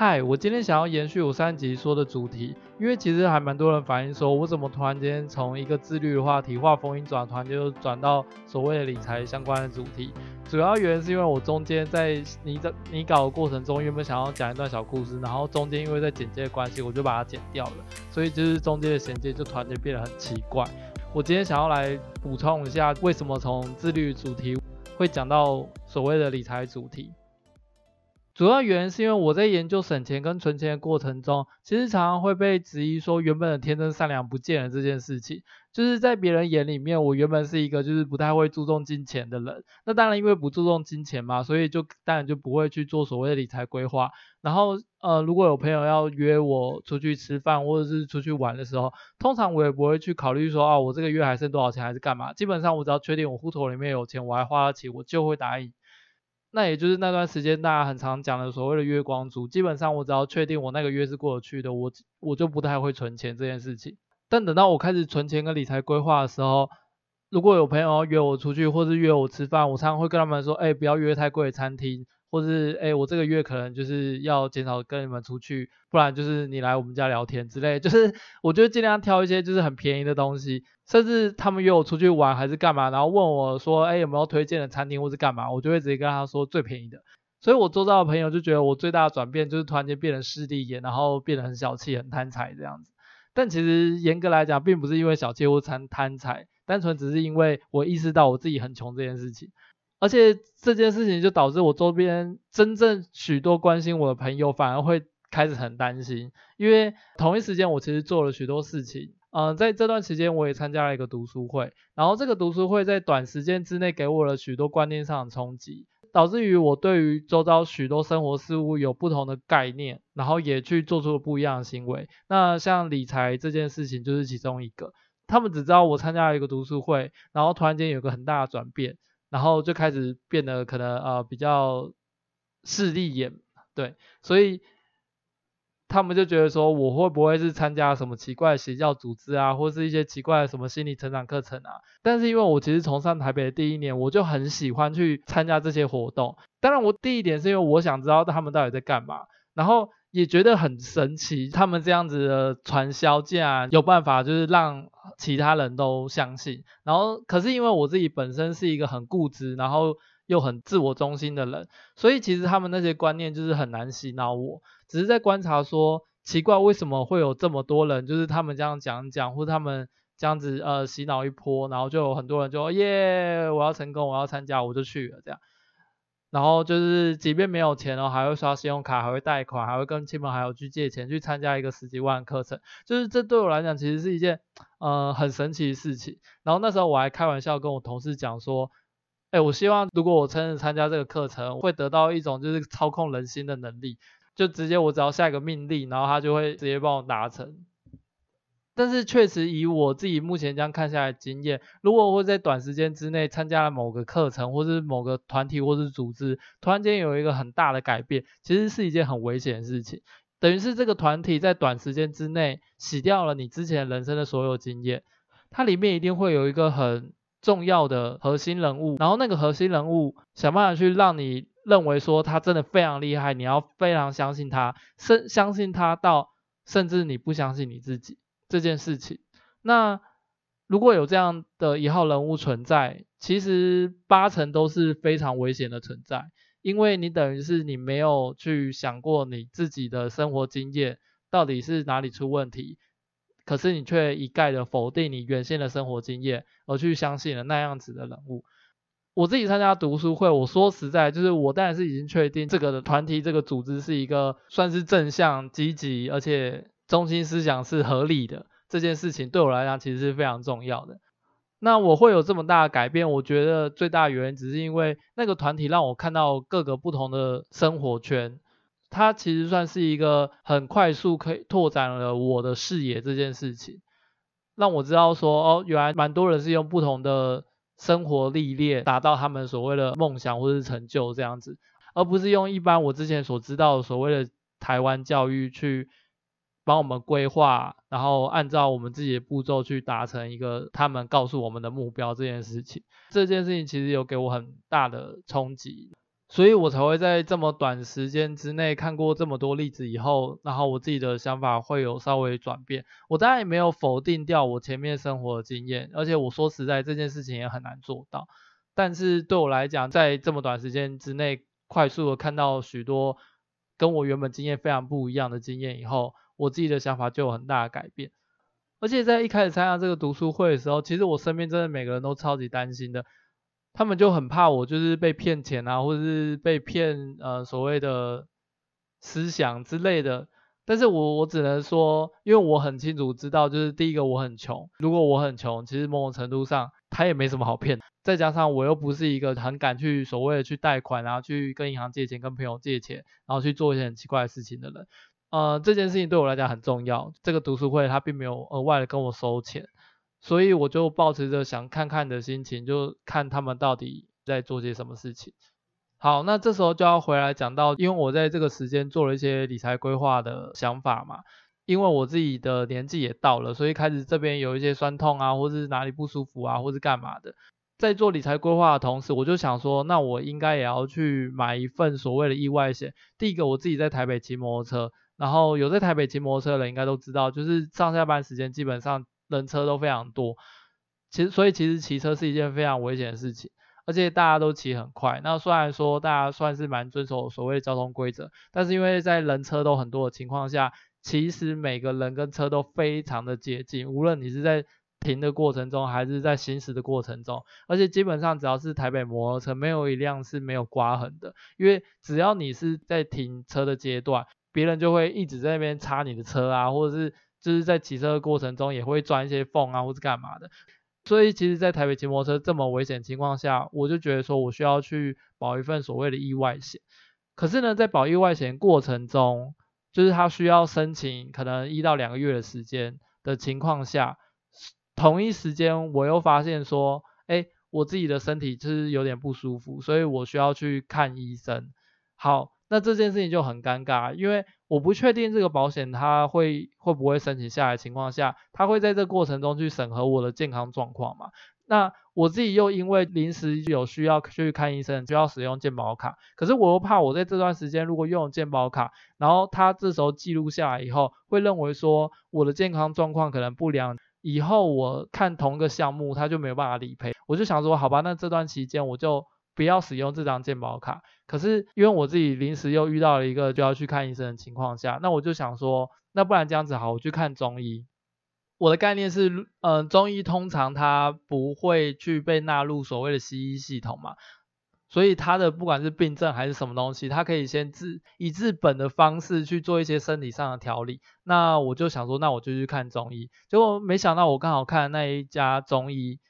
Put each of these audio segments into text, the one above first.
嗨，Hi, 我今天想要延續我上集說的主題，因為其實還蠻多人反映說，我怎麼突然間從一個自律的話題，話鋒一轉，突然就轉到所謂的理財相關的主題？主要原因是因為我中間在你這你搞的過程中，原本想要講一段小故事，然後中間因為在剪接的關係，我就把它剪掉了，所以就是中間的銜接就突然就變得很奇怪。我今天想要來補充一下，為什麼從自律主題會講到所謂的理財主題？主要原因是因為我在研究省錢跟存錢的過程中，其實常常會被質疑說，原本的天真善良不見了這件事情。就是在別人眼裡面，我原本是一個就是不太會注重金錢的人。那當然因為不注重金錢嘛，所以就當然就不會去做所謂的理財規劃。然後呃，如果有朋友要約我出去吃飯或者是出去玩的時候，通常我也不會去考慮說，啊我這個月還剩多少錢還是幹嘛。基本上我只要確定我戶頭裡面有錢，我還花得起，我就會答應。那也就是那段時間大家很常講的所謂的月光族，基本上我只要確定我那個月是過得去的，我我就不太會存錢這件事情。但等到我開始存錢跟理財規劃的時候，如果有朋友要約我出去，或是約我吃飯，我常常會跟他們說，哎、欸，不要約太貴的餐廳。或是哎、欸，我這個月可能就是要減少跟你們出去，不然就是你來我們家聊天之類，就是我覺得盡量挑一些就是很便宜的東西，甚至他們約我出去玩還是幹嘛，然後問我說哎有沒有推薦的餐廳或是幹嘛，我就會直接跟他說最便宜的。所以我周遭的朋友就覺得我最大的轉變就是突然間變得勢利眼，然後變得很小氣、很貪財這樣子。但其實嚴格來講，並不是因為小氣或貪貪財，單純只是因為我意識到我自己很窮這件事情。而且這件事情就導致我周邊真正許多關心我的朋友反而會開始很擔心，因為同一時間我其實做了許多事情，嗯、呃，在這段時間我也參加了一個讀書會，然後這個讀書會在短時間之內給我了許多觀念上的衝擊，導致於我對於周遭許多生活事物有不同的概念，然後也去做出了不一樣的行為。那像理財這件事情就是其中一個，他們只知道我參加了一個讀書會，然後突然間有一個很大的轉變。然後就開始變得可能呃比較勢利眼，對，所以他們就覺得說我會不會是參加什麼奇怪邪教組織啊，或是一些奇怪的什麼心理成長課程啊？但是因為我其實從上台北的第一年，我就很喜歡去參加這些活動。當然，我第一點是因為我想知道他們到底在幹嘛。然後也覺得很神奇，他們這樣子的傳銷竟然有辦法就是讓其他人都相信。然後，可是因為我自己本身是一個很固執，然後又很自我中心的人，所以其實他們那些觀念就是很難洗腦我。只是在觀察說，奇怪為什麼會有這麼多人，就是他們這樣講講，或者他們這樣子呃洗腦一波，然後就有很多人就說耶，我要成功，我要參加，我就去了這樣。然後就是，即便沒有錢哦，還會刷信用卡，還會貸款，還會跟親朋好友去借錢，去參加一個十幾萬的課程。就是這對我來講，其實是一件，呃，很神奇的事情。然後那時候我還開玩笑跟我同事講說，哎，我希望如果我真的參加這個課程，會得到一種就是操控人心的能力，就直接我只要下一個命令，然後他就會直接幫我達成。但是確實以我自己目前這樣看下來的經驗，如果我在短時間之內參加了某個課程，或是某個團體，或是組織，突然間有一個很大的改變，其實是一件很危險的事情。等於是這個團體在短時間之內洗掉了你之前人生的所有經驗。它裡面一定會有一個很重要的核心人物，然後那個核心人物想辦法去讓你認為說他真的非常厲害，你要非常相信他，甚相信他到甚至你不相信你自己這件事情，那如果有這樣的一號人物存在，其實八成都是非常危險的存在，因為你等於是你沒有去想過你自己的生活經驗到底是哪裡出問題，可是你卻一概的否定你原先的生活經驗，而去相信了那樣子的人物。我自己參加讀書會，我說實在，就是我當然是已經確定這個團體、這個組織是一個算是正向、積極，而且。中心思想是合理的這件事情對我來講其實是非常重要的，那我會有這麼大的改變，我覺得最大原因只是因為那個團體讓我看到各個不同的生活圈，它其實算是一個很快速可以拓展了我的視野這件事情，讓我知道說哦，原來蠻多人是用不同的生活歷練達到他們所謂的夢想或是成就這樣子，而不是用一般我之前所知道的所謂的台灣教育去幫我們規劃，然後按照我們自己的步驟去達成一個他們告訴我們的目標這件事情，這件事情其實有給我很大的衝擊，所以我才會在這麼短時間之內看過這麼多例子以後，然後我自己的想法會有稍微轉變。我當然也沒有否定掉我前面生活的經驗，而且我說實在這件事情也很難做到，但是對我來講，在這麼短時間之內快速的看到許多跟我原本經驗非常不一樣的經驗以後。我自己的想法就有很大的改變，而且在一開始參加這個讀書會的時候，其實我身邊真的每個人都超級擔心的，他們就很怕我就是被騙錢啊，或者是被騙呃所謂的思想之類的。但是我我只能說，因為我很清楚知道，就是第一個我很窮，如果我很窮，其實某種程度上他也沒什麼好騙。再加上我又不是一個很敢去所謂的去貸款啊，然後去跟銀行借錢、跟朋友借錢，然後去做一些很奇怪的事情的人。呃，這件事情對我來講很重要。這個讀書會他並沒有額外的跟我收錢，所以我就抱持着想看看的心情，就看他們到底在做些什麼事情。好，那這時候就要回來講到，因為我在這個時間做了一些理財規劃的想法嘛，因為我自己的年紀也到了，所以開始這邊有一些酸痛啊，或是哪裡不舒服啊，或是幹嘛的。在做理財規劃的同時，我就想說，那我應該也要去買一份所謂的意外險。第一個，我自己在台北騎摩托車。然後有在台北騎摩托車的人應該都知道，就是上下班時間基本上人車都非常多。其實所以其實騎車是一件非常危險的事情，而且大家都騎很快。那雖然說大家算是蠻遵守所謂的交通規則，但是因為在人車都很多的情況下，其實每個人跟車都非常的接近，無論你是在停的過程中，還是在行駛的過程中。而且基本上只要是台北摩托車，沒有一輛是沒有刮痕的，因為只要你是在停車的階段，別人就會一直在那邊插你的車啊，或者是就是在騎車的過程中也會鑽一些縫啊，或是幹嘛的。所以其實，在台北騎摩托車這麼危險的情況下，我就覺得說我需要去保一份所謂的意外險。可是呢，在保意外險過程中，就是他需要申請可能一到兩個月的時間的情況下，同一時間我又發現說，哎、欸，我自己的身體就是有點不舒服，所以我需要去看醫生。好。那這件事情就很尷尬，因為我不確定這個保險它會會不會申請下來的情況下，它會在這個過程中去審核我的健康狀況嘛？那我自己又因為臨時有需要去看醫生，就要使用健保卡，可是我又怕我在這段時間如果用健保卡，然後它這時候記錄下來以後，會認為說我的健康狀況可能不良，以後我看同一個項目它就沒有辦法理賠，我就想說好吧，那這段期間我就。不要使用這張健保卡。可是因為我自己臨時又遇到了一個就要去看醫生的情況下，那我就想說，那不然這樣子好，我去看中醫。我的概念是，嗯、呃，中醫通常他不會去被納入所謂的西醫系統嘛，所以他的不管是病症還是什麼東西，他可以先治以治本的方式去做一些身體上的調理。那我就想說，那我就去看中醫。結果沒想到我剛好看那一家中醫，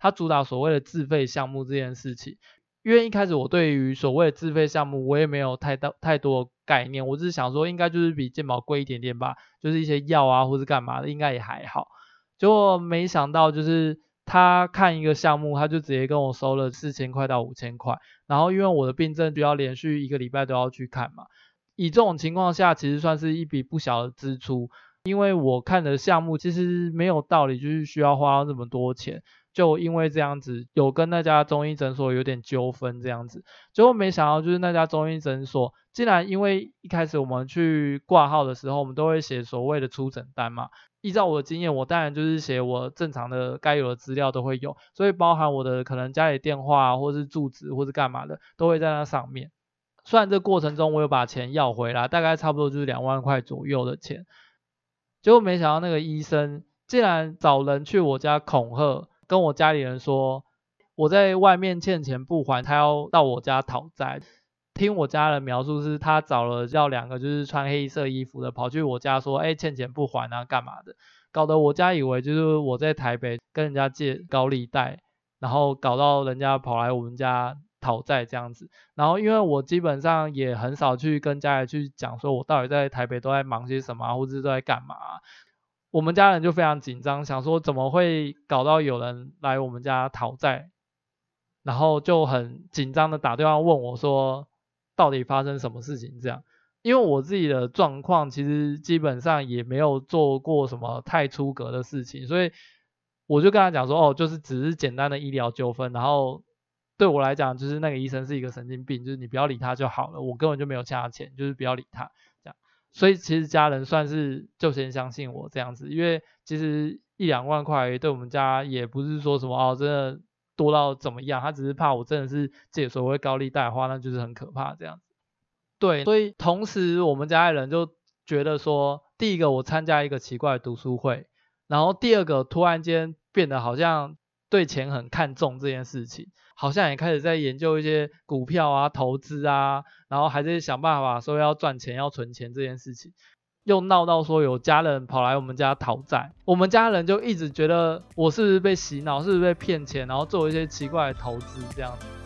他主打所謂的自費項目這件事情。因為一開始我對於所謂的自費項目，我也沒有太大太多概念，我只是想說應該就是比健保貴一點點吧，就是一些藥啊或是幹嘛的，應該也還好。結果沒想到就是他看一個項目，他就直接跟我收了四千塊到五千塊，然後因為我的病症就要連續一個禮拜都要去看嘛，以這種情況下，其實算是一筆不小的支出，因為我看的項目其實沒有道理就是需要花那麼多錢。就因為這樣子，有跟那家中醫診所有點糾紛，這樣子，結果沒想到就是那家中醫診所，竟然因為一開始我們去掛號的時候，我們都會寫所謂的初診單嘛，依照我的經驗，我當然就是寫我正常的該有的資料都會有，所以包含我的可能家裡電話啊，或是住址或是幹嘛的，都會在那上面。雖然這過程中我有把錢要回來，大概差不多就是兩萬塊左右的錢，結果沒想到那個醫生竟然找人去我家恐嚇。跟我家裡人說，我在外面欠錢不還，他要到我家討債。聽我家人描述是，他找了叫兩個，就是穿黑色衣服的，跑去我家說，哎，欠錢不還啊，幹嘛的？搞得我家以為就是我在台北跟人家借高利貸，然後搞到人家跑來我們家討債這樣子。然後因為我基本上也很少去跟家裡去講，說我到底在台北都在忙些什麼啊，或者都在幹嘛啊。我們家人就非常緊張，想說怎麼會搞到有人來我們家討債，然後就很緊張的打電話問我說，到底發生什麼事情？這樣，因為我自己的狀況其實基本上也沒有做過什麼太出格的事情，所以我就跟他講說，哦，就是只是簡單的醫療糾紛，然後對我來講，就是那個醫生是一個神經病，就是你不要理他就好了，我根本就沒有欠他錢，就是不要理他。所以其實家人算是就先相信我這樣子，因為其實一兩萬塊對我們家也不是說什麼哦，真的多到怎麼樣，他只是怕我真的是借所謂高利貸花，那就是很可怕這樣子。對，所以同時我們家裡人就覺得說，第一個我參加一個奇怪的讀書會，然後第二個突然間變得好像。對錢很看重這件事情，好像也開始在研究一些股票啊、投資啊，然後還在想辦法說要賺錢、要存錢這件事情，又鬧到說有家人跑來我們家討債，我們家人就一直覺得我是不是被洗腦，是不是被騙錢，然後做一些奇怪的投資這樣。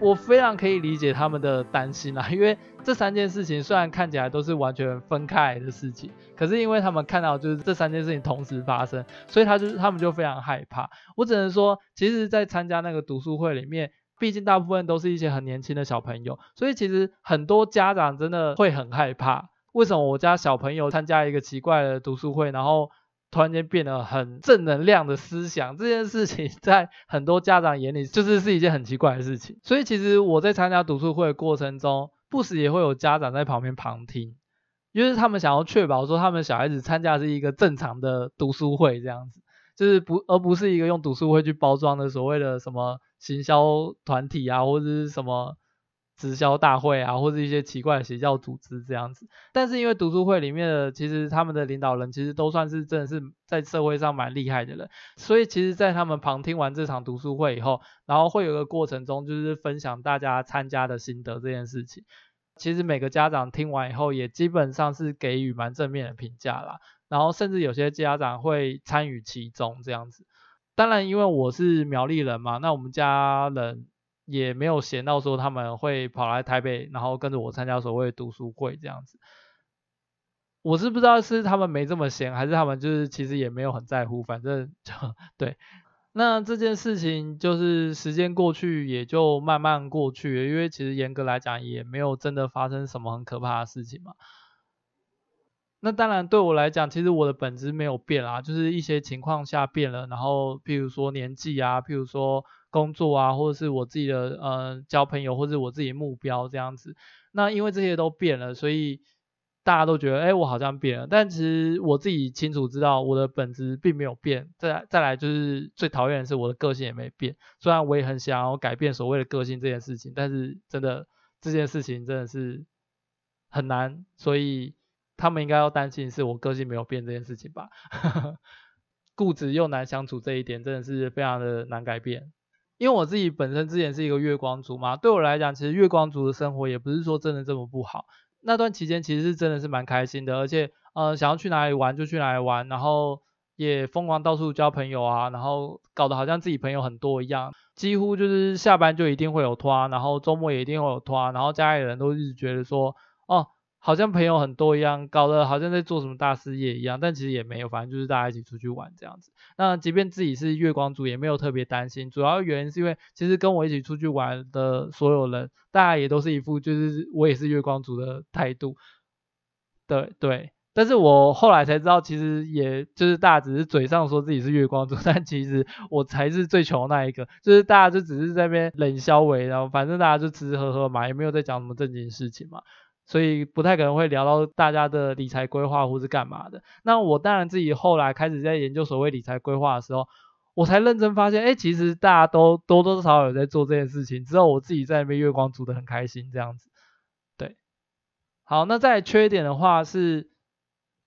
我非常可以理解他們的擔心啦，因為這三件事情雖然看起來都是完全分開來的事情，可是因為他們看到就是這三件事情同時發生，所以他就是他們就非常害怕。我只能說，其實，在參加那個讀書會裡面，畢竟大部分都是一些很年輕的小朋友，所以其實很多家長真的會很害怕。為什麼我家小朋友參加一個奇怪的讀書會，然後，突然間變得很正能量的思想，這件事情在很多家長眼裡就是是一件很奇怪的事情。所以其實我在參加讀書會的過程中，不時也會有家長在旁邊旁聽，因為他們想要確保說他們小孩子參加是一個正常的讀書會這樣子，就是不，而不是一個用讀書會去包裝的所謂的什麼行銷團體啊，或者是什麼。直銷大會啊，或是一些奇怪的邪教組織這樣子，但是因為讀書會裡面的，其實他們的領導人其實都算是真的是在社會上蠻厲害的人，所以其實，在他們旁聽完這場讀書會以後，然後會有個過程中就是分享大家參加的心得這件事情，其實每個家長聽完以後也基本上是給予蠻正面的評價啦，然後甚至有些家長會參與其中這樣子，當然因為我是苗栗人嘛，那我們家人。也沒有閒到說他們會跑來台北，然後跟着我參加所謂的讀書會這樣子。我是不知道是他們沒這麼閒，還是他們就是其實也沒有很在乎，反正就，對。那這件事情就是時間過去也就慢慢過去了，因為其實嚴格來講也沒有真的發生什麼很可怕的事情嘛。那當然，對我來講，其實我的本質沒有變啦、啊，就是一些情況下變了，然後譬如說年紀啊，譬如說工作啊，或者是我自己的呃交朋友或者是我自己的目標這樣子。那因為這些都變了，所以大家都覺得，哎、欸，我好像變了。但其實我自己清楚知道，我的本質並沒有變。再再來就是最討厭的是我的個性也沒變。雖然我也很想要改變所謂的個性這件事情，但是真的這件事情真的是很難，所以。他們應該要擔心是我個性沒有變這件事情吧， 固執又難相處這一點真的是非常的難改變。因為我自己本身之前是一個月光族嘛，對我來講，其實月光族的生活也不是說真的這麼不好。那段期間其實是真的是蠻開心的，而且呃想要去哪裡玩就去哪裡玩，然後也瘋狂到處交朋友啊，然後搞得好像自己朋友很多一樣，幾乎就是下班就一定會有拖，然後週末也一定會有拖，然後家裡人都一直覺得說哦。好像朋友很多一樣，搞得好像在做什麼大事業一樣，但其實也沒有，反正就是大家一起出去玩這樣子。那即便自己是月光族，也沒有特別擔心。主要原因是因為其實跟我一起出去玩的所有人，大家也都是一副就是我也是月光族的態度。對對，但是我後來才知道，其實也就是大家只是嘴上說自己是月光族，但其實我才是最窮的那一個。就是大家就只是在那邊冷消微，然後反正大家就吃吃喝喝嘛，也沒有在講什麼正經事情嘛。所以不太可能會聊到大家的理財規劃或是幹嘛的。那我當然自己後來開始在研究所謂理財規劃的時候，我才認真發現，哎、欸，其實大家都多多少少有在做這件事情，只有我自己在那邊月光族得很開心這樣子。對，好，那再來缺點的話是，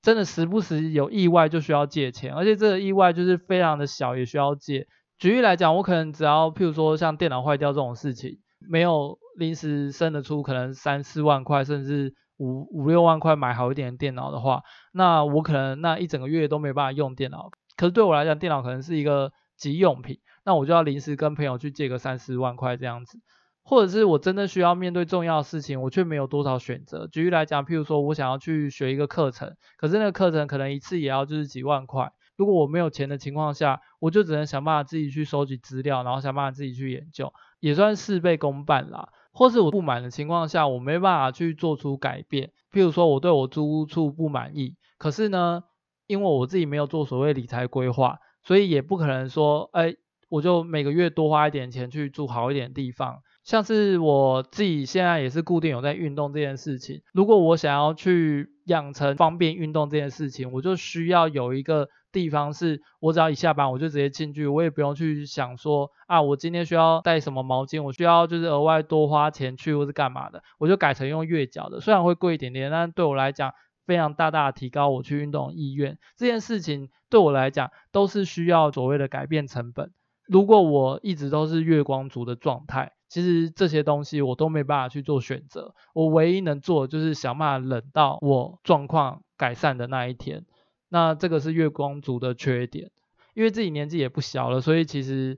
真的時不時有意外就需要借錢，而且這個意外就是非常的小，也需要借。舉例來講，我可能只要譬如說像電腦壞掉這種事情。沒有臨時生得出，可能三四萬塊，甚至五五六萬塊買好一點的電腦的話，那我可能那一整個月都沒辦法用電腦。可是對我來講，電腦可能是一個急用品，那我就要臨時跟朋友去借個三四萬塊這樣子，或者是我真的需要面對重要的事情，我卻沒有多少選擇。舉例來講，譬如說我想要去學一個課程，可是那個課程可能一次也要就是幾萬塊。如果我沒有錢的情況下，我就只能想辦法自己去收集資料，然後想辦法自己去研究，也算事倍功半啦。或是我不滿的情況下，我沒辦法去做出改變。譬如說，我對我租屋處不滿意，可是呢，因為我自己沒有做所謂理財規劃，所以也不可能說，哎、欸，我就每個月多花一點錢去住好一點地方。像是我自己現在也是固定有在運動這件事情。如果我想要去養成方便運動這件事情，我就需要有一個地方，是我只要一下班我就直接進去，我也不用去想說啊，我今天需要帶什麼毛巾，我需要就是額外多花錢去或是幹嘛的，我就改成用月繳的，雖然會貴一點點，但對我來講非常大大的提高我去運動的意願。這件事情對我來講都是需要所謂的改變成本。如果我一直都是月光族的狀態。其實這些東西我都沒辦法去做選擇，我唯一能做的就是想辦法忍到我狀況改善的那一天。那這個是月光族的缺點，因為自己年紀也不小了，所以其實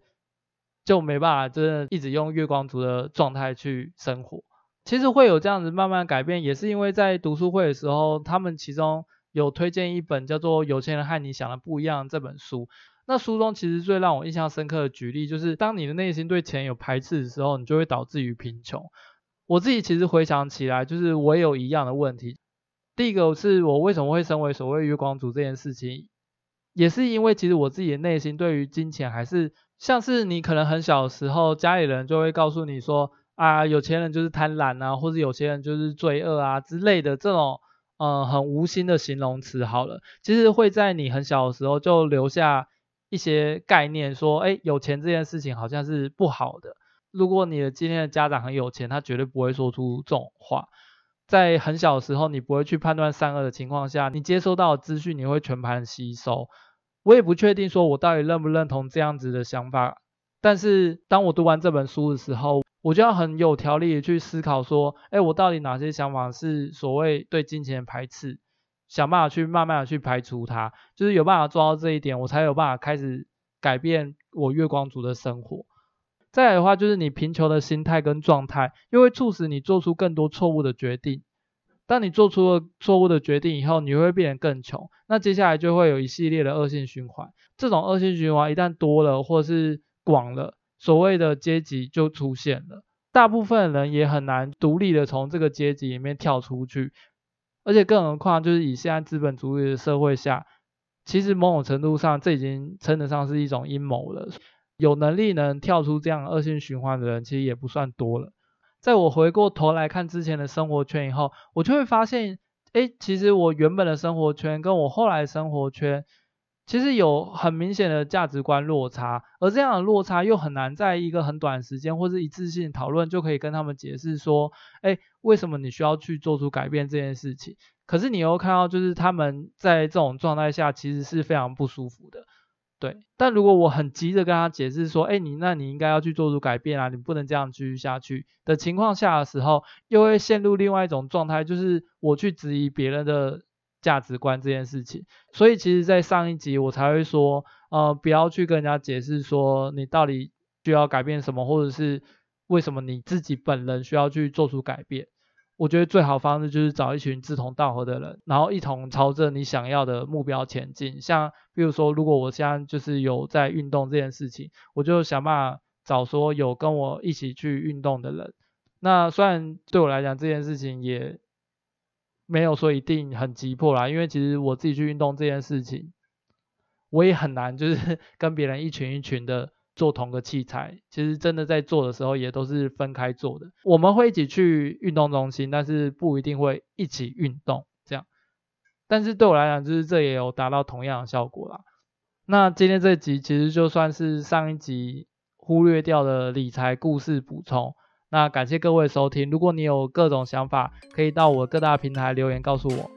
就沒辦法真的一直用月光族的狀態去生活。其實會有這樣子慢慢改變，也是因為在讀書會的時候，他們其中有推薦一本叫做《有錢人和你想的不一樣》這本書。那書中其實最讓我印象深刻的舉例就是，當你的內心對錢有排斥的時候，你就會導致於貧窮。我自己其實回想起來，就是我也有一樣的問題。第一個是我為什麼會身為所謂月光族這件事情，也是因為其實我自己的內心對於金錢還是像是你可能很小的時候，家裡人就會告訴你說啊，有錢人就是貪婪啊，或者有錢人就是罪惡啊之類的這種嗯很無心的形容詞好了，其實會在你很小的時候就留下。一些概念說，誒，有錢這件事情好像是不好的。如果你的今天的家長很有錢，他絕對不會說出這種話。在很小的時候，你不會去判斷善惡的情況下，你接收到的資訊，你會全盤吸收。我也不確定，說我到底認不認同這樣子的想法。但是當我讀完這本書的時候，我就要很有條理的去思考說，誒，我到底哪些想法是所謂對金錢排斥？想辦法去慢慢的去排除它，就是有辦法做到這一點，我才有辦法開始改變我月光族的生活。再來的話，就是你貧窮的心態跟狀態，又會促使你做出更多錯誤的決定。當你做出了錯誤的決定以後，你會變得更窮。那接下來就會有一系列的惡性循環。這種惡性循環一旦多了或是廣了，所謂的階級就出現了。大部分的人也很難獨立的從這個階級裡面跳出去。而且，更何況就是以現在資本主義的社會下，其實某種程度上，這已經稱得上是一種陰謀了。有能力能跳出這樣惡性循環的人，其實也不算多了。在我回過頭來看之前的生活圈以後，我就會發現，哎，其實我原本的生活圈跟我後來的生活圈，其實有很明顯的價值觀落差，而這樣的落差又很難在一個很短時間或是一次性討論就可以跟他們解釋說，誒，為什麼你需要去做出改變這件事情？可是你又看到，就是他們在這種狀態下其實是非常不舒服的，對。但如果我很急着跟他解釋說，誒，你那你應該要去做出改變啊，你不能這樣繼續下去的情況下的時候，又會陷入另外一種狀態，就是我去質疑別人的。價值觀這件事情，所以其實，在上一集我才會說，呃，不要去跟人家解釋說你到底需要改變什麼，或者是為什麼你自己本人需要去做出改變。我覺得最好方式就是找一群志同道合的人，然後一同朝着你想要的目標前進。像比如說，如果我現在就是有在運動這件事情，我就想辦法找說有跟我一起去運動的人。那雖然對我來講這件事情也，沒有說一定很急迫啦，因為其實我自己去運動這件事情，我也很難就是跟別人一群一群的做同個器材。其實真的在做的時候也都是分開做的，我們會一起去運動中心，但是不一定會一起運動這樣。但是對我來講，就是這也有達到同樣的效果啦。那今天這集其實就算是上一集忽略掉的理財故事補充。那感謝各位收聽，如果你有各種想法，可以到我各大平台留言告訴我。